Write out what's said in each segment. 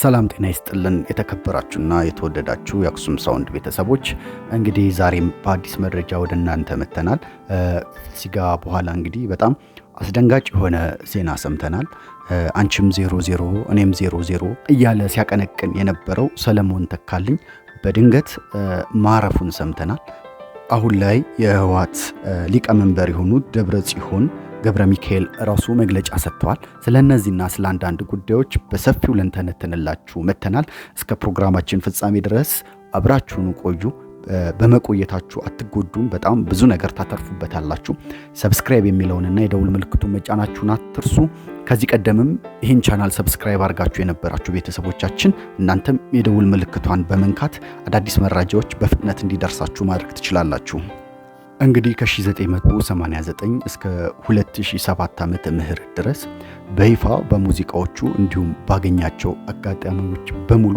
ሰላም ጤና ይስጥልን። የተከበራችሁና የተወደዳችሁ የአክሱም ሳውንድ ቤተሰቦች እንግዲህ ዛሬም በአዲስ መረጃ ወደ እናንተ መጥተናል። ሲጋ በኋላ እንግዲህ በጣም አስደንጋጭ የሆነ ዜና ሰምተናል። አንቺም ዜሮ ዜሮ እኔም ዜሮ ዜሮ እያለ ሲያቀነቅን የነበረው ሰለሞን ተካልኝ በድንገት ማረፉን ሰምተናል። አሁን ላይ የህወሓት ሊቀመንበር የሆኑት ደብረ ጽዮን ገብረ ሚካኤል ራሱ መግለጫ ሰጥተዋል። ስለ እነዚህና ስለ አንዳንድ ጉዳዮች በሰፊው ልንተነትንላችሁ መጥተናል። እስከ ፕሮግራማችን ፍጻሜ ድረስ አብራችሁን ቆዩ። በመቆየታችሁ አትጎዱም። በጣም ብዙ ነገር ታተርፉበታላችሁ። ሰብስክራይብ የሚለውንና የደውል ምልክቱን መጫናችሁን አትርሱ። ከዚህ ቀደምም ይህን ቻናል ሰብስክራይብ አድርጋችሁ የነበራችሁ ቤተሰቦቻችን እናንተም የደውል ምልክቷን በመንካት አዳዲስ መረጃዎች በፍጥነት እንዲደርሳችሁ ማድረግ ትችላላችሁ። እንግዲህ ከ1989 እስከ 2007 ዓመተ ምህረት ድረስ በይፋ በሙዚቃዎቹ እንዲሁም ባገኛቸው አጋጣሚዎች በሙሉ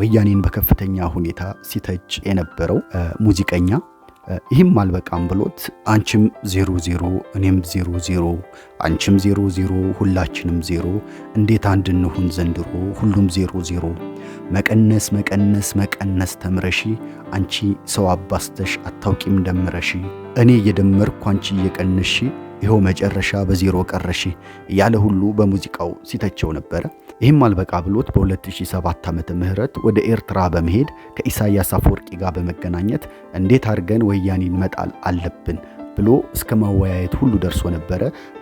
ወያኔን በከፍተኛ ሁኔታ ሲተች የነበረው ሙዚቀኛ ይህም አልበቃም ብሎት አንቺም ዜሮ ዜሮ እኔም ዜሮ ዜሮ አንቺም ዜሮ ዜሮ ሁላችንም ዜሮ እንዴት አንድ እንሁን ዘንድሮ ሁሉም ዜሮ ዜሮ መቀነስ መቀነስ መቀነስ ተምረሺ አንቺ ሰው አባስተሽ አታውቂም ደምረሺ እኔ እየደመርኩ አንቺ እየቀነሽ ይኸው መጨረሻ በዜሮ ቀረሽ እያለ ሁሉ በሙዚቃው ሲተቸው ነበረ። ይህም አልበቃ ብሎት በ2007 ዓመተ ምህረት ወደ ኤርትራ በመሄድ ከኢሳያስ አፈወርቂ ጋር በመገናኘት እንዴት አድርገን ወያኔን መጣል አለብን ብሎ እስከ ሁሉ ደርሶ ነበረ።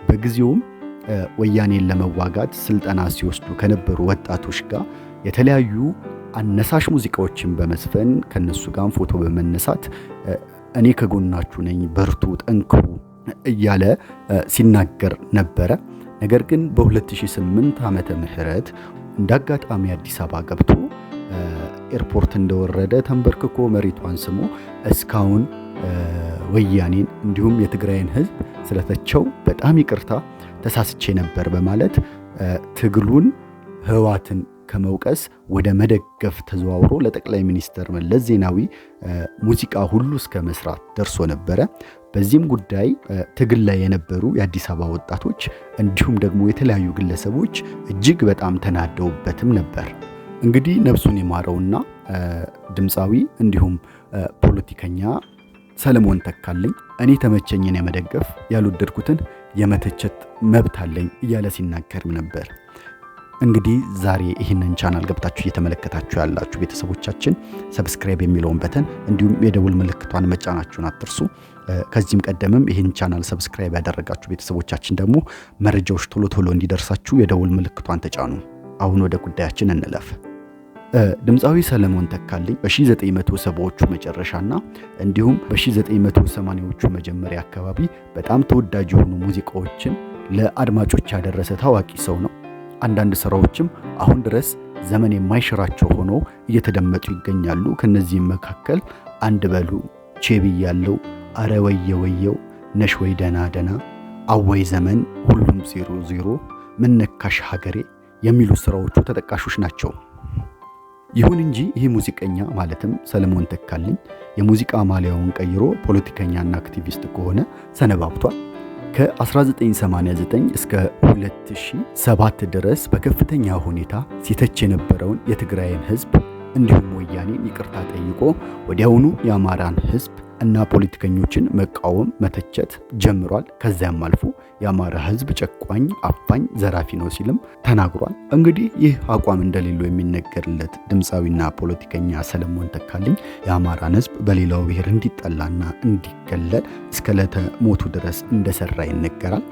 በጊዜውም ወያኔን ለመዋጋት ስልጠና ሲወስዱ ከነበሩ ወጣቶች ጋር የተለያዩ አነሳሽ ሙዚቃዎችን በመዝፈን ከነሱ ጋር ፎቶ በመነሳት እኔ ከጎናችሁ ነኝ፣ በርቱ፣ ጠንክሩ እያለ ሲናገር ነበረ። ነገር ግን በ2008 ዓመተ ምህረት እንደ አጋጣሚ አዲስ አበባ ገብቶ ኤርፖርት እንደወረደ ተንበርክኮ መሬቷን ስሞ እስካሁን ወያኔን እንዲሁም የትግራይን ሕዝብ ስለተቸው በጣም ይቅርታ ተሳስቼ ነበር በማለት ትግሉን ህዋትን ከመውቀስ ወደ መደገፍ ተዘዋውሮ ለጠቅላይ ሚኒስትር መለስ ዜናዊ ሙዚቃ ሁሉ እስከ መስራት ደርሶ ነበረ። በዚህም ጉዳይ ትግል ላይ የነበሩ የአዲስ አበባ ወጣቶች እንዲሁም ደግሞ የተለያዩ ግለሰቦች እጅግ በጣም ተናደውበትም ነበር። እንግዲህ ነፍሱን የማረውና ድምፃዊ እንዲሁም ፖለቲከኛ ሰለሞን ተካልኝ እኔ ተመቸኝን የመደገፍ ያልወደድኩትን የመተቸት መብት አለኝ እያለ ሲናገርም ነበር። እንግዲህ ዛሬ ይህንን ቻናል ገብታችሁ እየተመለከታችሁ ያላችሁ ቤተሰቦቻችን ሰብስክራይብ የሚለውን በተን እንዲሁም የደውል ምልክቷን መጫናችሁን አትርሱ። ከዚህም ቀደምም ይህን ቻናል ሰብስክራይብ ያደረጋችሁ ቤተሰቦቻችን ደግሞ መረጃዎች ቶሎ ቶሎ እንዲደርሳችሁ የደውል ምልክቷን ተጫኑ። አሁን ወደ ጉዳያችን እንለፍ። ድምፃዊ ሰለሞን ተካልኝ በ1970ዎቹ መጨረሻና እንዲሁም በ1980ዎቹ መጀመሪያ አካባቢ በጣም ተወዳጅ የሆኑ ሙዚቃዎችን ለአድማጮች ያደረሰ ታዋቂ ሰው ነው። አንዳንድ ስራዎችም አሁን ድረስ ዘመን የማይሽራቸው ሆነው እየተደመጡ ይገኛሉ። ከነዚህም መካከል አንድ በሉ፣ ቼቢ ያለው አረ ወየ ወየው ነሽ ወይ ደና ደና አወይ ዘመን ሁሉም ዜሮ ዜሮ ምነካሽ ሀገሬ የሚሉ ስራዎቹ ተጠቃሾች ናቸው። ይሁን እንጂ ይህ ሙዚቀኛ ማለትም ሰለሞን ተካልኝ የሙዚቃ ማሊያውን ቀይሮ ፖለቲከኛና አክቲቪስት ከሆነ ሰነባብቷል። ከ1989 እስከ 2007 ድረስ በከፍተኛ ሁኔታ ሲተች የነበረውን የትግራይን ህዝብ እንዲሁም ወያኔን ይቅርታ ጠይቆ ወዲያውኑ የአማራን ህዝብ። እና ፖለቲከኞችን መቃወም፣ መተቸት ጀምሯል። ከዚያም አልፎ የአማራ ህዝብ ጨቋኝ፣ አፋኝ፣ ዘራፊ ነው ሲልም ተናግሯል። እንግዲህ ይህ አቋም እንደሌለው የሚነገርለት ድምፃዊና ፖለቲከኛ ሰለሞን ተካልኝ የአማራን ህዝብ በሌላው ብሔር እንዲጠላና እንዲገለል እስከ ዕለተ ሞቱ ድረስ እንደሰራ ይነገራል።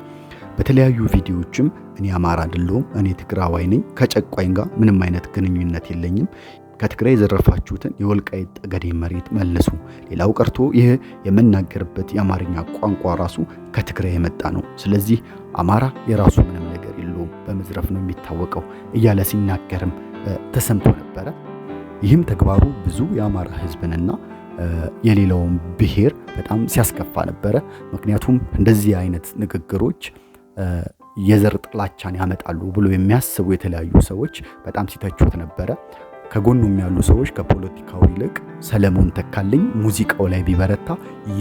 በተለያዩ ቪዲዮዎችም እኔ አማራ አይደለሁም፣ እኔ ትግራዋይ ነኝ፣ ከጨቋኝ ጋር ምንም አይነት ግንኙነት የለኝም ከትግራይ የዘረፋችሁትን የወልቃይት ጠገዴ መሬት መልሱ። ሌላው ቀርቶ ይህ የምናገርበት የአማርኛ ቋንቋ ራሱ ከትግራይ የመጣ ነው። ስለዚህ አማራ የራሱ ምንም ነገር የለውም፣ በመዝረፍ ነው የሚታወቀው እያለ ሲናገርም ተሰምቶ ነበረ። ይህም ተግባሩ ብዙ የአማራ ህዝብንና የሌላውን ብሔር በጣም ሲያስከፋ ነበረ። ምክንያቱም እንደዚህ አይነት ንግግሮች የዘር ጥላቻን ያመጣሉ ብሎ የሚያስቡ የተለያዩ ሰዎች በጣም ሲተቹት ነበረ። ከጎኑም ያሉ ሰዎች ከፖለቲካው ይልቅ ሰለሞን ተካልኝ ሙዚቃው ላይ ቢበረታ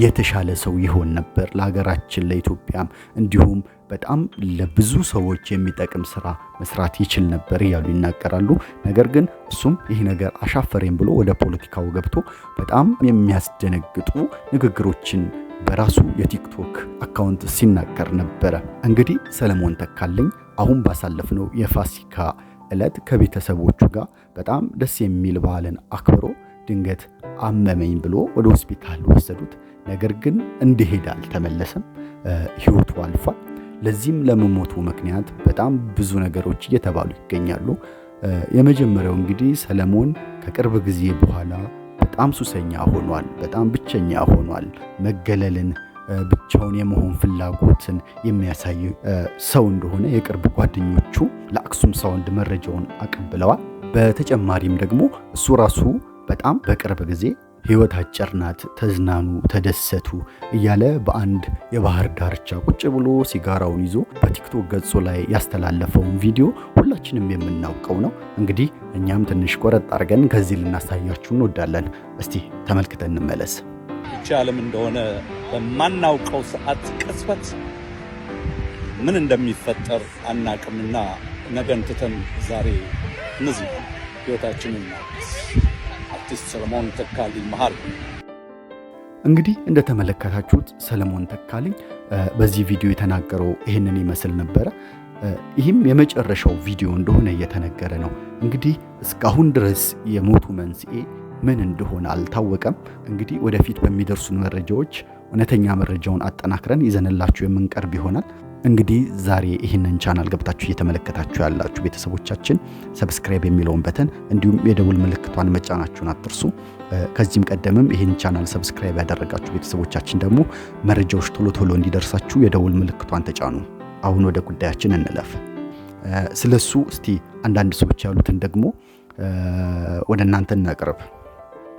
የተሻለ ሰው ይሆን ነበር፣ ለሀገራችን ለኢትዮጵያም፣ እንዲሁም በጣም ለብዙ ሰዎች የሚጠቅም ስራ መስራት ይችል ነበር እያሉ ይናገራሉ። ነገር ግን እሱም ይህ ነገር አሻፈሬም ብሎ ወደ ፖለቲካው ገብቶ በጣም የሚያስደነግጡ ንግግሮችን በራሱ የቲክቶክ አካውንት ሲናገር ነበረ። እንግዲህ ሰለሞን ተካልኝ አሁን ባሳለፍነው የፋሲካ ዕለት ከቤተሰቦቹ ጋር በጣም ደስ የሚል በዓልን አክብሮ ድንገት አመመኝ ብሎ ወደ ሆስፒታል ወሰዱት። ነገር ግን እንዲሄድ አልተመለሰም፣ ህይወቱ አልፏል። ለዚህም ለመሞቱ ምክንያት በጣም ብዙ ነገሮች እየተባሉ ይገኛሉ። የመጀመሪያው እንግዲህ ሰለሞን ከቅርብ ጊዜ በኋላ በጣም ሱሰኛ ሆኗል። በጣም ብቸኛ ሆኗል። መገለልን ብቻውን የመሆን ፍላጎትን የሚያሳይ ሰው እንደሆነ የቅርብ ጓደኞቹ ለአክሱም ሳውንድ መረጃውን አቀብለዋል። በተጨማሪም ደግሞ እሱ ራሱ በጣም በቅርብ ጊዜ ህይወት አጭር ናት፣ ተዝናኑ፣ ተደሰቱ እያለ በአንድ የባህር ዳርቻ ቁጭ ብሎ ሲጋራውን ይዞ በቲክቶክ ገጹ ላይ ያስተላለፈውን ቪዲዮ ሁላችንም የምናውቀው ነው። እንግዲህ እኛም ትንሽ ቆረጥ አድርገን ከዚህ ልናሳያችሁ እንወዳለን። እስቲ ተመልክተን እንመለስ። ይቺ ዓለም እንደሆነ በማናውቀው ሰዓት ቅጽበት ምን እንደሚፈጠር አናቅምና ነገን ትተን ዛሬ እነዚህ ሕይወታችንን እናድስ። አርቲስት ሰለሞን ተካልኝ መሃል እንግዲህ እንደተመለከታችሁት ሰለሞን ተካልኝ በዚህ ቪዲዮ የተናገረው ይህንን ይመስል ነበረ። ይህም የመጨረሻው ቪዲዮ እንደሆነ እየተነገረ ነው። እንግዲህ እስካሁን ድረስ የሞቱ መንስኤ ምን እንደሆነ አልታወቀም። እንግዲህ ወደፊት በሚደርሱን መረጃዎች እውነተኛ መረጃውን አጠናክረን ይዘንላችሁ የምንቀርብ ይሆናል። እንግዲህ ዛሬ ይህንን ቻናል ገብታችሁ እየተመለከታችሁ ያላችሁ ቤተሰቦቻችን ሰብስክራይብ የሚለውን በተን እንዲሁም የደውል ምልክቷን መጫናችሁን አትርሱ። ከዚህም ቀደምም ይህን ቻናል ሰብስክራይብ ያደረጋችሁ ቤተሰቦቻችን ደግሞ መረጃዎች ቶሎ ቶሎ እንዲደርሳችሁ የደውል ምልክቷን ተጫኑ። አሁን ወደ ጉዳያችን እንለፍ። ስለሱ እስቲ አንዳንድ ሰዎች ያሉትን ደግሞ ወደ እናንተ እናቅርብ።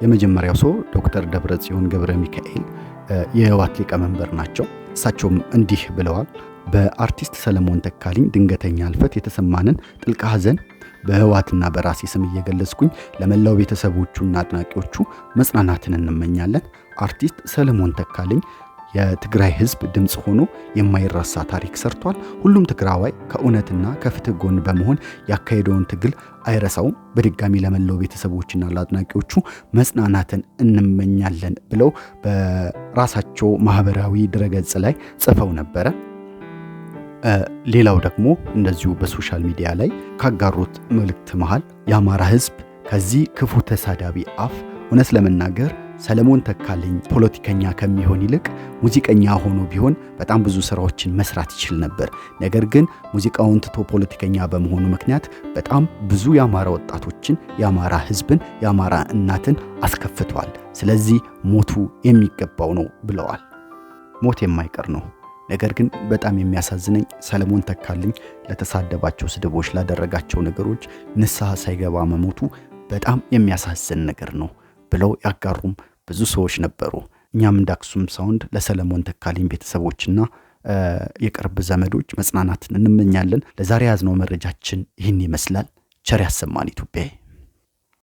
የመጀመሪያው ሰው ዶክተር ደብረጽዮን ገብረ ሚካኤል የህወሓት ሊቀመንበር ናቸው። እሳቸውም እንዲህ ብለዋል። በአርቲስት ሰለሞን ተካልኝ ድንገተኛ ህልፈት የተሰማንን ጥልቅ ሐዘን በህወሓትና በራሴ ስም እየገለጽኩኝ ለመላው ቤተሰቦቹና አድናቂዎቹ መጽናናትን እንመኛለን። አርቲስት ሰለሞን ተካልኝ የትግራይ ህዝብ ድምፅ ሆኖ የማይረሳ ታሪክ ሰርቷል። ሁሉም ትግራዋይ ከእውነትና ከፍትህ ጎን በመሆን ያካሄደውን ትግል አይረሳውም። በድጋሚ ለመላው ቤተሰቦችና ለአድናቂዎቹ መጽናናትን እንመኛለን ብለው በራሳቸው ማህበራዊ ድረገጽ ላይ ጽፈው ነበረ። ሌላው ደግሞ እንደዚሁ በሶሻል ሚዲያ ላይ ካጋሩት መልእክት መሃል የአማራ ህዝብ ከዚህ ክፉ ተሳዳቢ አፍ እውነት ለመናገር ሰለሞን ተካልኝ ፖለቲከኛ ከሚሆን ይልቅ ሙዚቀኛ ሆኖ ቢሆን በጣም ብዙ ስራዎችን መስራት ይችል ነበር። ነገር ግን ሙዚቃውን ትቶ ፖለቲከኛ በመሆኑ ምክንያት በጣም ብዙ የአማራ ወጣቶችን፣ የአማራ ህዝብን የአማራ እናትን አስከፍቷል። ስለዚህ ሞቱ የሚገባው ነው ብለዋል። ሞት የማይቀር ነው። ነገር ግን በጣም የሚያሳዝነኝ ሰለሞን ተካልኝ ለተሳደባቸው ስድቦች፣ ላደረጋቸው ነገሮች ንስሐ ሳይገባ መሞቱ በጣም የሚያሳዝን ነገር ነው። ብለው ያጋሩም ብዙ ሰዎች ነበሩ። እኛም እንደ አክሱም ሳውንድ ለሰለሞን ተካልኝ ቤተሰቦችና የቅርብ ዘመዶች መጽናናትን እንመኛለን። ለዛሬ ያዝነው መረጃችን ይህን ይመስላል። ቸር ያሰማን ኢትዮጵያ